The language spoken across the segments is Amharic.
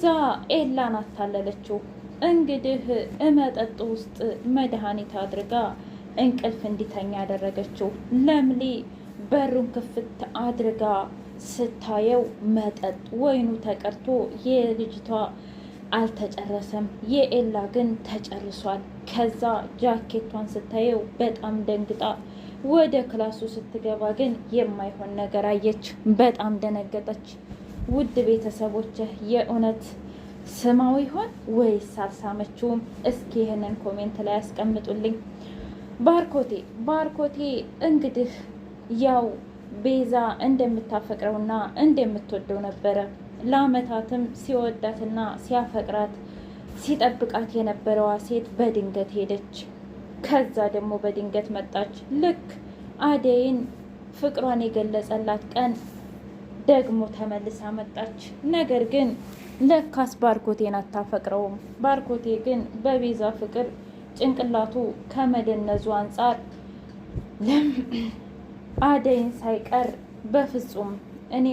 ቤዛ ኤላን አታለለችው። እንግዲህ እመጠጥ ውስጥ መድኃኒት አድርጋ እንቅልፍ እንዲተኛ ያደረገችው። ለምሌ በሩን ክፍት አድርጋ ስታየው መጠጥ ወይኑ ተቀርቶ የልጅቷ አልተጨረሰም፣ የኤላ ግን ተጨርሷል። ከዛ ጃኬቷን ስታየው በጣም ደንግጣ ወደ ክላሱ ስትገባ ግን የማይሆን ነገር አየች። በጣም ደነገጠች። ውድ ቤተሰቦችህ የእውነት ስማው ይሆን ወይስ አልሳመችውም? እስኪ ይህንን ኮሜንት ላይ ያስቀምጡልኝ። ባርኮቴ ባርኮቴ እንግዲህ ያው ቤዛ እንደምታፈቅረውና እንደምትወደው ነበረ። ለአመታትም ሲወዳትና ሲያፈቅራት ሲጠብቃት የነበረዋ ሴት በድንገት ሄደች። ከዛ ደግሞ በድንገት መጣች። ልክ አደይን ፍቅሯን የገለጸላት ቀን ደግሞ ተመልሳ መጣች። ነገር ግን ለካስ ባርኮቴን አታፈቅረውም። ባርኮቴ ግን በቤዛ ፍቅር ጭንቅላቱ ከመደነዙ አንጻር አደይን ሳይቀር በፍጹም እኔ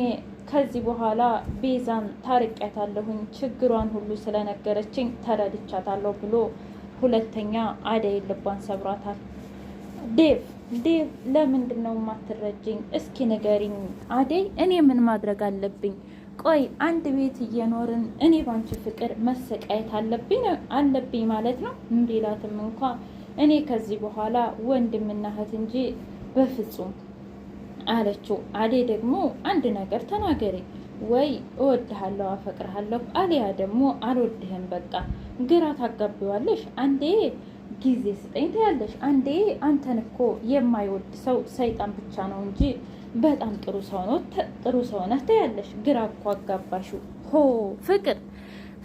ከዚህ በኋላ ቤዛን ታርቂያታለሁኝ ችግሯን ሁሉ ስለነገረችኝ ተረድቻታለሁ ብሎ ሁለተኛ አደይን ልቧን ሰብሯታል ዴቭ ዴቭ ለምንድን ነው የማትረጅኝ? እስኪ ንገሪኝ አደይ፣ እኔ ምን ማድረግ አለብኝ? ቆይ አንድ ቤት እየኖርን እኔ ባንቺ ፍቅር መሰቃየት አለብኝ አለብኝ ማለት ነው? እንዲላትም እንኳ እኔ ከዚህ በኋላ ወንድምና እህት እንጂ በፍጹም አለችው። አደይ ደግሞ አንድ ነገር ተናገሪ ወይ እወድሃለሁ፣ አፈቅርሃለሁ፣ አሊያ ደግሞ አልወድህም። በቃ ግራ ታጋቢዋለሽ አንዴ ጊዜ ስጠኝ ትያለሽ። አንዴ አንተን እኮ የማይወድ ሰው ሰይጣን ብቻ ነው እንጂ በጣም ጥሩ ሰው ነው፣ ጥሩ ሰው ነህ ትያለሽ። ግራ እኮ አጋባሹ። ሆ ፍቅር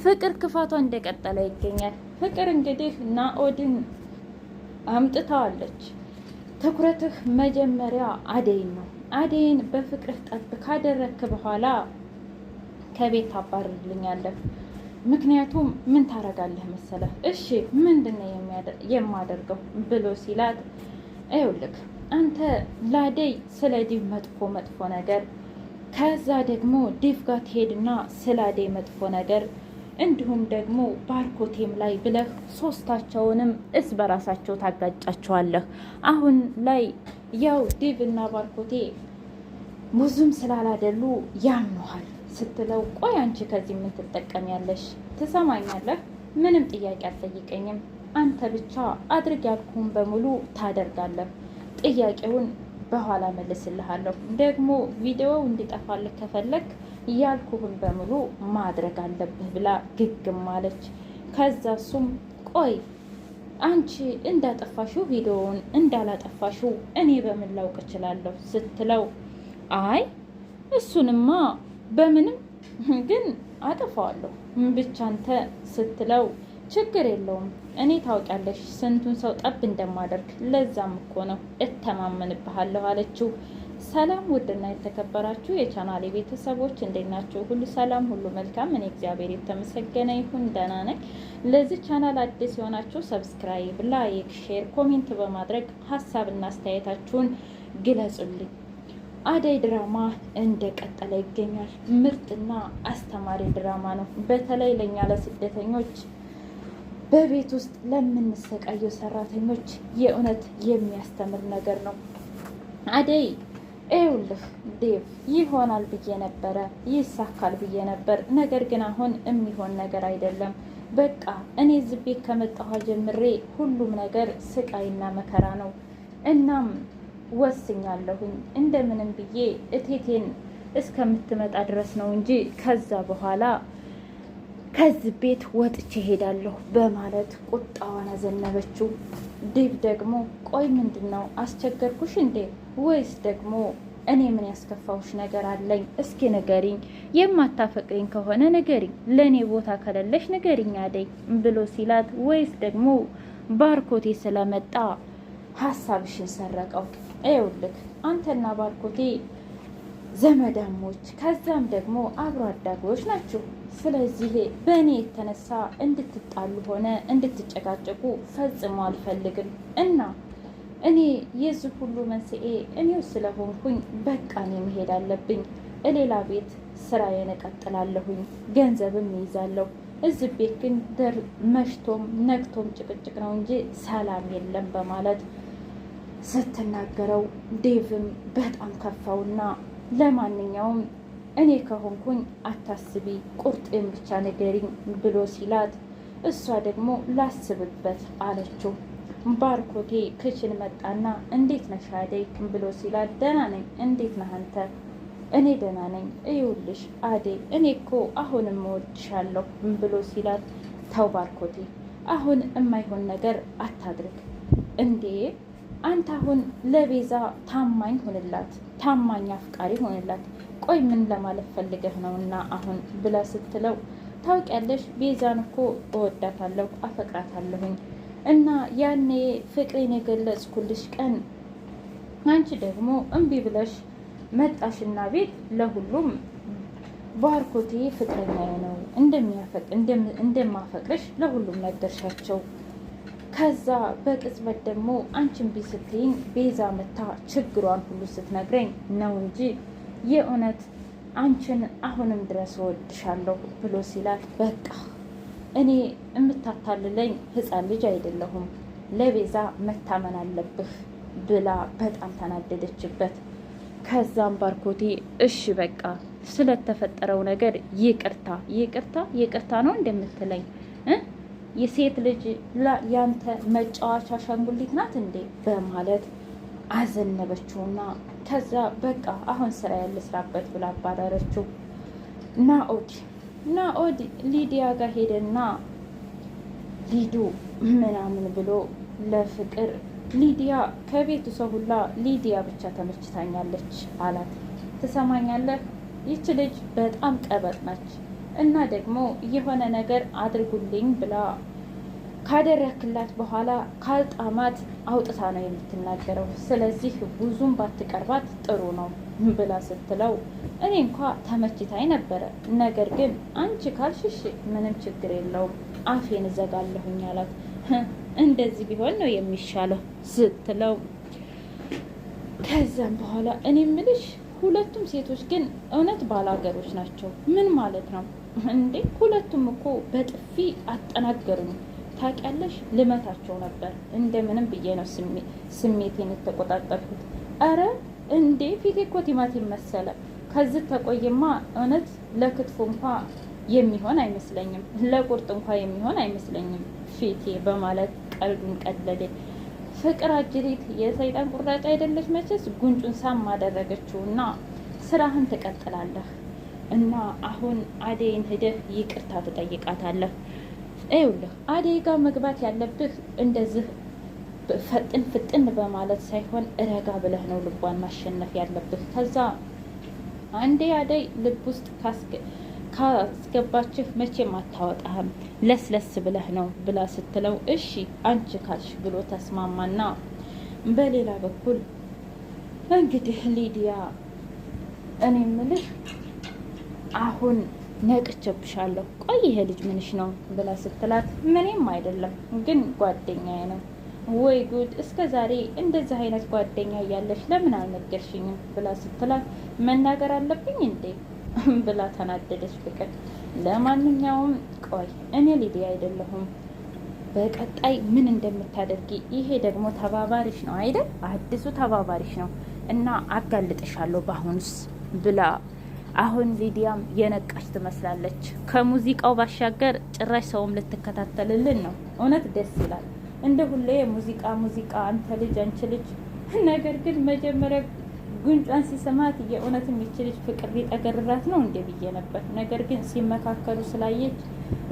ፍቅር ክፋቷ እንደቀጠለ ይገኛል። ፍቅር እንግዲህ ናኦድን አምጥተዋለች። ትኩረትህ መጀመሪያ አደይን ነው። አደይን በፍቅርህ ጠብ ካደረክ በኋላ ከቤት ታባርልኛለህ ምክንያቱም ምን ታረጋለህ መሰለህ፣ እሺ ምንድነው የማደርገው ብሎ ሲላት፣ ይኸውልህ አንተ ላደይ ስለ ዲብ መጥፎ መጥፎ ነገር ከዛ ደግሞ ዲቭ ጋር ትሄድና ስላደይ መጥፎ ነገር እንዲሁም ደግሞ ባርኮቴም ላይ ብለህ ሶስታቸውንም እስ በራሳቸው ታጋጫቸዋለህ። አሁን ላይ ያው ዲቭ እና ባርኮቴ ብዙም ስላላደሉ ያምኑሃል። ስትለው ቆይ አንቺ ከዚህ ምን ትጠቀሚያለሽ? ትሰማኛለህ? ምንም ጥያቄ አልጠይቀኝም። አንተ ብቻ አድርግ ያልኩህን በሙሉ ታደርጋለህ። ጥያቄውን በኋላ መልስልሃለሁ። ደግሞ ቪዲዮው እንዲጠፋልህ ከፈለግ ያልኩህን በሙሉ ማድረግ አለብህ ብላ ግግም አለች። ከዛ እሱም ቆይ አንቺ እንዳጠፋሽው ቪዲዮውን እንዳላጠፋሽው እኔ በምን ላውቅ እችላለሁ? ስትለው አይ እሱንማ በምንም ግን አጠፋዋለሁ ብቻ አንተ ስትለው ችግር የለውም እኔ ታውቂያለሽ ስንቱን ሰው ጠብ እንደማደርግ ለዛም እኮ ነው እተማመንብሃለሁ አለችው ሰላም ውድና የተከበራችሁ የቻናሌ ቤተሰቦች እንዴት ናቸው ሁሉ ሰላም ሁሉ መልካም እኔ እግዚአብሔር የተመሰገነ ይሁን ደህና ነኝ ለዚህ ቻናል አዲስ የሆናችሁ ሰብስክራይብ ላይክ ሼር ኮሜንት በማድረግ ሀሳብና አስተያየታችሁን ግለጹልኝ አደይ ድራማ እንደቀጠለ ይገኛል። ምርጥና አስተማሪ ድራማ ነው። በተለይ ለእኛ ለስደተኞች በቤት ውስጥ ለምንሰቃየው ሰራተኞች የእውነት የሚያስተምር ነገር ነው። አደይ ይኸውልህ ዴቭ፣ ይሆናል ብዬ ነበረ፣ ይሳካል ብዬ ነበር። ነገር ግን አሁን የሚሆን ነገር አይደለም። በቃ እኔ ዝቤት ከመጣኋ ጀምሬ ሁሉም ነገር ስቃይና መከራ ነው። እናም ወስኛለሁኝ። እንደምንም ብዬ እቴቴን እስከምትመጣ ድረስ ነው እንጂ ከዛ በኋላ ከዚህ ቤት ወጥቼ ሄዳለሁ በማለት ቁጣዋን አዘነበችው። ዲብ ደግሞ ቆይ ምንድን ነው አስቸገርኩሽ እንዴ? ወይስ ደግሞ እኔ ምን ያስከፋውሽ ነገር አለኝ? እስኪ ንገሪኝ። የማታፈቅሪኝ ከሆነ ንገሪኝ፣ ለእኔ ቦታ ከሌለሽ ንገሪኝ አደይ ብሎ ሲላት፣ ወይስ ደግሞ ባርኮቴ ስለመጣ ሀሳብሽን ሰረቀው ይኸውልህ አንተና ባርኮቴ ዘመዳሞች ከዛም ደግሞ አብሮ አዳጊዎች ናቸው። ስለዚህ በእኔ የተነሳ እንድትጣሉ ሆነ እንድትጨቃጨቁ ፈጽሞ አልፈልግም እና እኔ የዚህ ሁሉ መንስኤ እኔው ስለሆንኩኝ በቃ እኔ መሄድ አለብኝ። እሌላ ቤት ስራዬን እቀጥላለሁኝ፣ ገንዘብም ይይዛለሁ። እዚህ ቤት ግን መሽቶም ነግቶም ጭቅጭቅ ነው እንጂ ሰላም የለም በማለት ስትናገረው ዴቭም በጣም ከፋውና ለማንኛውም እኔ ከሆንኩኝ አታስቢ፣ ቁርጤን ብቻ ንገሪኝ ብሎ ሲላት እሷ ደግሞ ላስብበት አለችው። ባርኮቴ ክችን መጣና እንዴት ነሽ አደይ ብሎ ሲላት ደህና ነኝ፣ እንዴት ነህ አንተ? እኔ ደህና ነኝ። እዩልሽ አደይ፣ እኔ እኮ አሁንም እወድሻለሁ ብሎ ሲላት ተው ባርኮቴ፣ አሁን የማይሆን ነገር አታድርግ እንዴ አንተ አሁን ለቤዛ ታማኝ ሆንላት፣ ታማኝ አፍቃሪ ሆንላት። ቆይ ምን ለማለት ፈልገህ ነው? እና አሁን ብላ ስትለው ታውቂያለሽ፣ ቤዛን እኮ እወዳታለሁ፣ አፈቅራታለሁኝ እና ያኔ ፍቅሬን የገለጽኩልሽ ቀን አንቺ ደግሞ እምቢ ብለሽ መጣሽና ቤት ለሁሉም ባርኮቴ ፍቅረኛ ነው እንደማፈቅርሽ ለሁሉም ነገርሻቸው ከዛ በቅጽበት ደግሞ አንቺን ቢስትልኝ ቤዛ መታ ችግሯን ሁሉ ስትነግረኝ ነው እንጂ የእውነት አንቺን አሁንም ድረስ እወድሻለሁ ብሎ ሲላት፣ በቃ እኔ የምታታልለኝ ህፃን ልጅ አይደለሁም ለቤዛ መታመን አለብህ ብላ በጣም ተናደደችበት። ከዛም ባርኮቴ እሺ በቃ ስለተፈጠረው ነገር ይቅርታ ይቅርታ ይቅርታ ነው እንደምትለኝ የሴት ልጅ ያንተ መጫወቻ አሻንጉሊት ናት እንዴ? በማለት አዘነበችውና ከዛ በቃ አሁን ስራ ያለ ስራበት ብላ አባረረችው። ናኦድ ናኦድ ሊዲያ ጋር ሄደና ሊዱ ምናምን ብሎ ለፍቅር ሊዲያ ከቤቱ ሰው ሁላ ሊዲያ ብቻ ተመችታኛለች አላት። ትሰማኛለህ? ይች ልጅ በጣም ቀበጥ ናች እና ደግሞ የሆነ ነገር አድርጉልኝ ብላ ካደረክላት በኋላ ካልጣማት አውጥታ ነው የምትናገረው። ስለዚህ ብዙም ባትቀርባት ጥሩ ነው ብላ ስትለው እኔ እንኳ ተመችታኝ ነበረ፣ ነገር ግን አንቺ ካልሽሽ ምንም ችግር የለውም አፌን እዘጋለሁኝ አላት። እንደዚህ ቢሆን ነው የሚሻለው ስትለው ከዛም በኋላ እኔ ምልሽ ሁለቱም ሴቶች ግን እውነት ባላገሮች ናቸው። ምን ማለት ነው እንዴ? ሁለቱም እኮ በጥፊ አጠናገሩኝ። ታውቂያለሽ፣ ልመታቸው ነበር። እንደምንም ብዬ ነው ስሜቴን የተቆጣጠርኩት። አረ እንዴ ፊቴ እኮ ቲማቲም መሰለ። ከዚህ ተቆይማ እውነት ለክትፎ እንኳ የሚሆን አይመስለኝም፣ ለቁርጥ እንኳ የሚሆን አይመስለኝም ፊቴ በማለት ቀልዱን ቀለለኝ። ፍቅር አጅሪት የሰይጣን ቁራጭ አይደለች መቼስ። ጉንጩን ሳም አደረገችው እና ስራህን ትቀጥላለህ እና አሁን አደይን ሂደህ ይቅርታ ትጠይቃታለህ። ይኸውልህ አደይ ጋር መግባት ያለብህ እንደዚህ ፈጥን ፍጥን በማለት ሳይሆን እረጋ ብለህ ነው ልቧን ማሸነፍ ያለብህ። ከዛ አንዴ አደይ ልብ ውስጥ ካስገ ካስገባችህ መቼም አታወጣህም ለስለስ ብለህ ነው ብላ ስትለው እሺ አንቺ ካልሽ ብሎ ተስማማና በሌላ በኩል እንግዲህ ሊዲያ እኔ ምልህ አሁን ነቅቼብሻለሁ። ቆይ ይሄ ልጅ ምንሽ ነው ብላ ስትላት ምንም አይደለም ግን ጓደኛዬ ነው። ወይ ጉድ! እስከ ዛሬ እንደዚህ አይነት ጓደኛ እያለሽ ለምን አልነገርሽኝም? ብላ ስትላት መናገር አለብኝ እንዴ ብላ ተናደደች ፍቅር። ለማንኛውም ቆይ እኔ ሊዲያ አይደለሁም በቀጣይ ምን እንደምታደርጊ ይሄ ደግሞ ተባባሪሽ ነው አይደል? አዲሱ ተባባሪሽ ነው እና አጋልጥሻለሁ በአሁኑስ ብላ አሁን ሊዲያም የነቃች ትመስላለች። ከሙዚቃው ባሻገር ጭራሽ ሰውም ልትከታተልልን ነው። እውነት ደስ ይላል። እንደ ሁሌ ሙዚቃ ሙዚቃ፣ አንተ ልጅ አንቺ ልጅ። ነገር ግን መጀመሪያ ጉንጯን ሲሰማት የእውነት የሚችልች ፍቅር ሊጠገርራት ነው እንደ ብዬ ነበር። ነገር ግን ሲመካከሉ ስላየች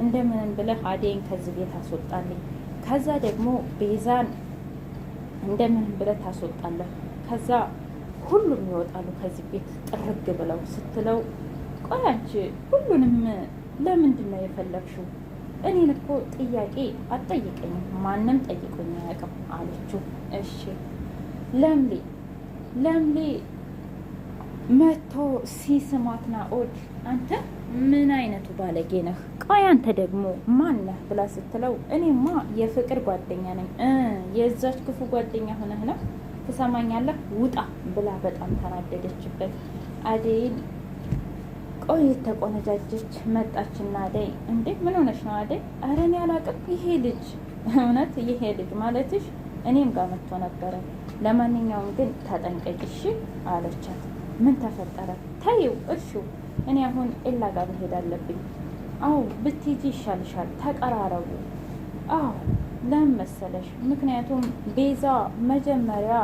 እንደምንም ብለህ አደይን ከዚህ ቤት አስወጣልኝ፣ ከዛ ደግሞ ቤዛን እንደምንም ብለህ ታስወጣለህ፣ ከዛ ሁሉም ይወጣሉ ከዚህ ቤት ጥርግ ብለው ስትለው፣ ቆይ አንቺ ሁሉንም ለምንድን ነው የፈለግሽው? እኔን እኮ ጥያቄ አትጠይቀኝም፣ ማንም ጠይቆኝ አያውቅም አለችው። እሺ ለምሌ ለምሌ መቶ ሲስማት ናኦድ አንተ ምን አይነቱ ባለጌ ነህ? ቆይ አንተ ደግሞ ማን ነህ ብላ ስትለው እኔማ የፍቅር ጓደኛ ነኝ። የዛች ክፉ ጓደኛ ሆነህ ነው ትሰማኛለህ? ውጣ ብላ በጣም ተናደደችበት። አደይን ቆይ ተቆነጃጀች መጣችና አደይ እንዴ ምን ሆነች ነው አደይ? ኧረ እኔ አላቅም ይሄ ልጅ እውነት ይሄ ልጅ ማለትሽ እኔም ጋር መጥቶ ነበረ። ለማንኛውም ግን እሺ አለቻት። ምን ተፈጠረ? ተይው እርሹ እኔ አሁን ኤላ ጋር መሄድ አለብኝ። አዎ ብትሄጂ ይሻልሻል፣ ተቀራረቡ። አዎ ለምን መሰለሽ? ምክንያቱም ቤዛ መጀመሪያ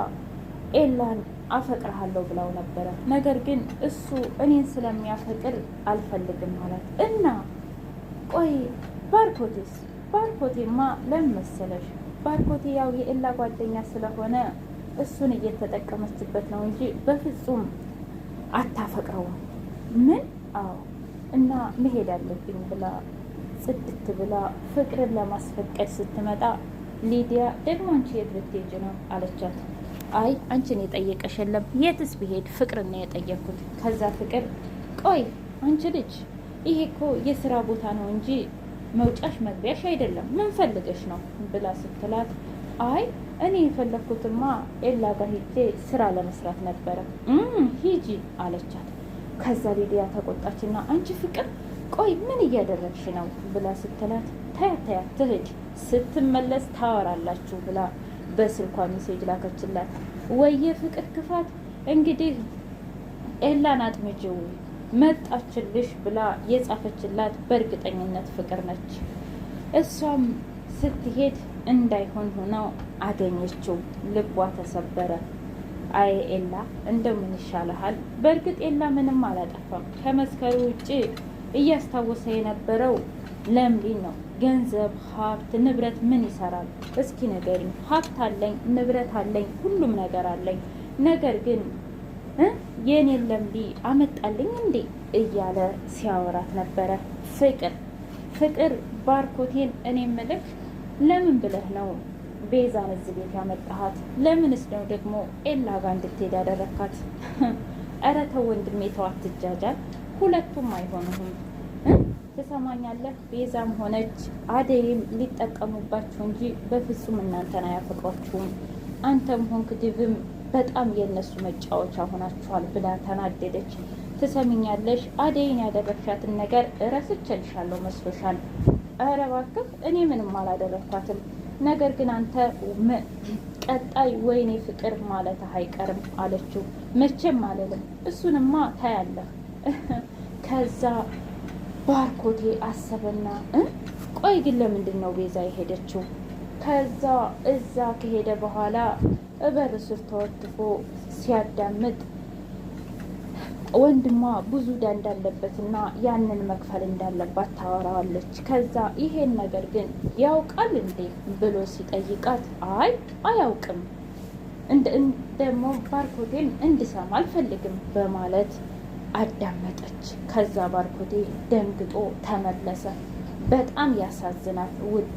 ኤላን አፈቅርሃለሁ ብላው ነበረ። ነገር ግን እሱ እኔን ስለሚያፈቅር አልፈልግም ማለት እና ቆይ ባርኮቴስ ባርኮቴማ ለምን መሰለሽ ባርኮቴ ያው የኤላ ጓደኛ ስለሆነ እሱን እየተጠቀመችበት ነው እንጂ በፍጹም አታፈቅረውም። ምን? አዎ። እና መሄድ አለብኝ ብላ ጽድት ብላ ፍቅርን ለማስፈቀድ ስትመጣ ሊዲያ ደግሞ አንቺ የት ብትሄጂ ነው አለቻት። አይ አንቺን የጠየቀሽ የለም የትስ ብሄድ ፍቅርን ነው የጠየኩት። ከዛ ፍቅር ቆይ አንቺ ልጅ ይሄ እኮ የስራ ቦታ ነው እንጂ መውጫሽ መግቢያሽ አይደለም፣ ምን ፈልገሽ ነው ብላ ስትላት አይ እኔ የፈለግኩትማ ኤላ ጋር ሂጄ ስራ ለመስራት ነበረ። ሂጂ አለቻት። ከዛ ሊዲያ ተቆጣችና አንቺ ፍቅር ቆይ ምን እያደረግሽ ነው ብላ ስትላት ታያት ታያት ትሂድ ስትመለስ ታወራላችሁ ብላ በስልኳ ሜሴጅ ላከችላት። ወየ ፍቅር ክፋት እንግዲህ ኤላን አጥምጅው መጣችልሽ ብላ የጻፈችላት በእርግጠኝነት ፍቅር ነች። እሷም ስትሄድ እንዳይሆን ሆነው አገኘችው። ልቧ ተሰበረ። አይ ኤላ እንደው ምን ይሻልሃል? በእርግጥ ኤላ ምንም አላጠፋም። ከመስከሩ ውጭ እያስታወሰ የነበረው ለምሊን ነው። ገንዘብ፣ ሀብት፣ ንብረት ምን ይሰራል? እስኪ ንገሪኝ። ሀብት አለኝ፣ ንብረት አለኝ፣ ሁሉም ነገር አለኝ። ነገር ግን የኔ ለምሊ አመጣልኝ እንዴ እያለ ሲያወራት ነበረ። ፍቅር ፍቅር ባርኮቴን እኔ ምልክ ለምን ብለህ ነው ቤዛን እዚህ ቤት ያመጣሃት? ለምንስ ነው ደግሞ ኤላ ጋር እንድትሄድ ያደረካት? እረ ተው ወንድሜ ተው፣ አትጃጃል። ሁለቱም አይሆኑም። ትሰማኛለህ? ቤዛም ሆነች አደይም ሊጠቀሙባችሁ እንጂ በፍጹም እናንተን አያፈቅሯችሁም። አንተም ሆንክ ድብም በጣም የእነሱ መጫወቻ ሆናችኋል ብላ ተናደደች። ትሰሚኛለሽ አደይን ያደረግሻትን ነገር እረስቼልሻለሁ መስሎሻል? ኧረ እባክህ እኔ ምንም አላደረግኳትም። ነገር ግን አንተ ቀጣይ ወይኔ ፍቅር ማለት አይቀርም አለችው። መቼም አልልም፣ እሱንማ ታያለህ። ከዛ ባርኮቴ አሰበና ቆይ ግን ለምንድን ነው ቤዛ የሄደችው ከዛ እዛ ከሄደ በኋላ እበር ስር ተወትፎ ሲያዳምጥ ወንድሟ ብዙ ዕዳ እንዳለበትና ያንን መክፈል እንዳለባት ታወራዋለች። ከዛ ይሄን ነገር ግን ያውቃል እንዴ ብሎ ሲጠይቃት አይ አያውቅም፣ ደግሞ ባርኮቴን እንድሰማ አልፈልግም በማለት አዳመጠች። ከዛ ባርኮቴ ደንግጦ ተመለሰ። በጣም ያሳዝናል ውድ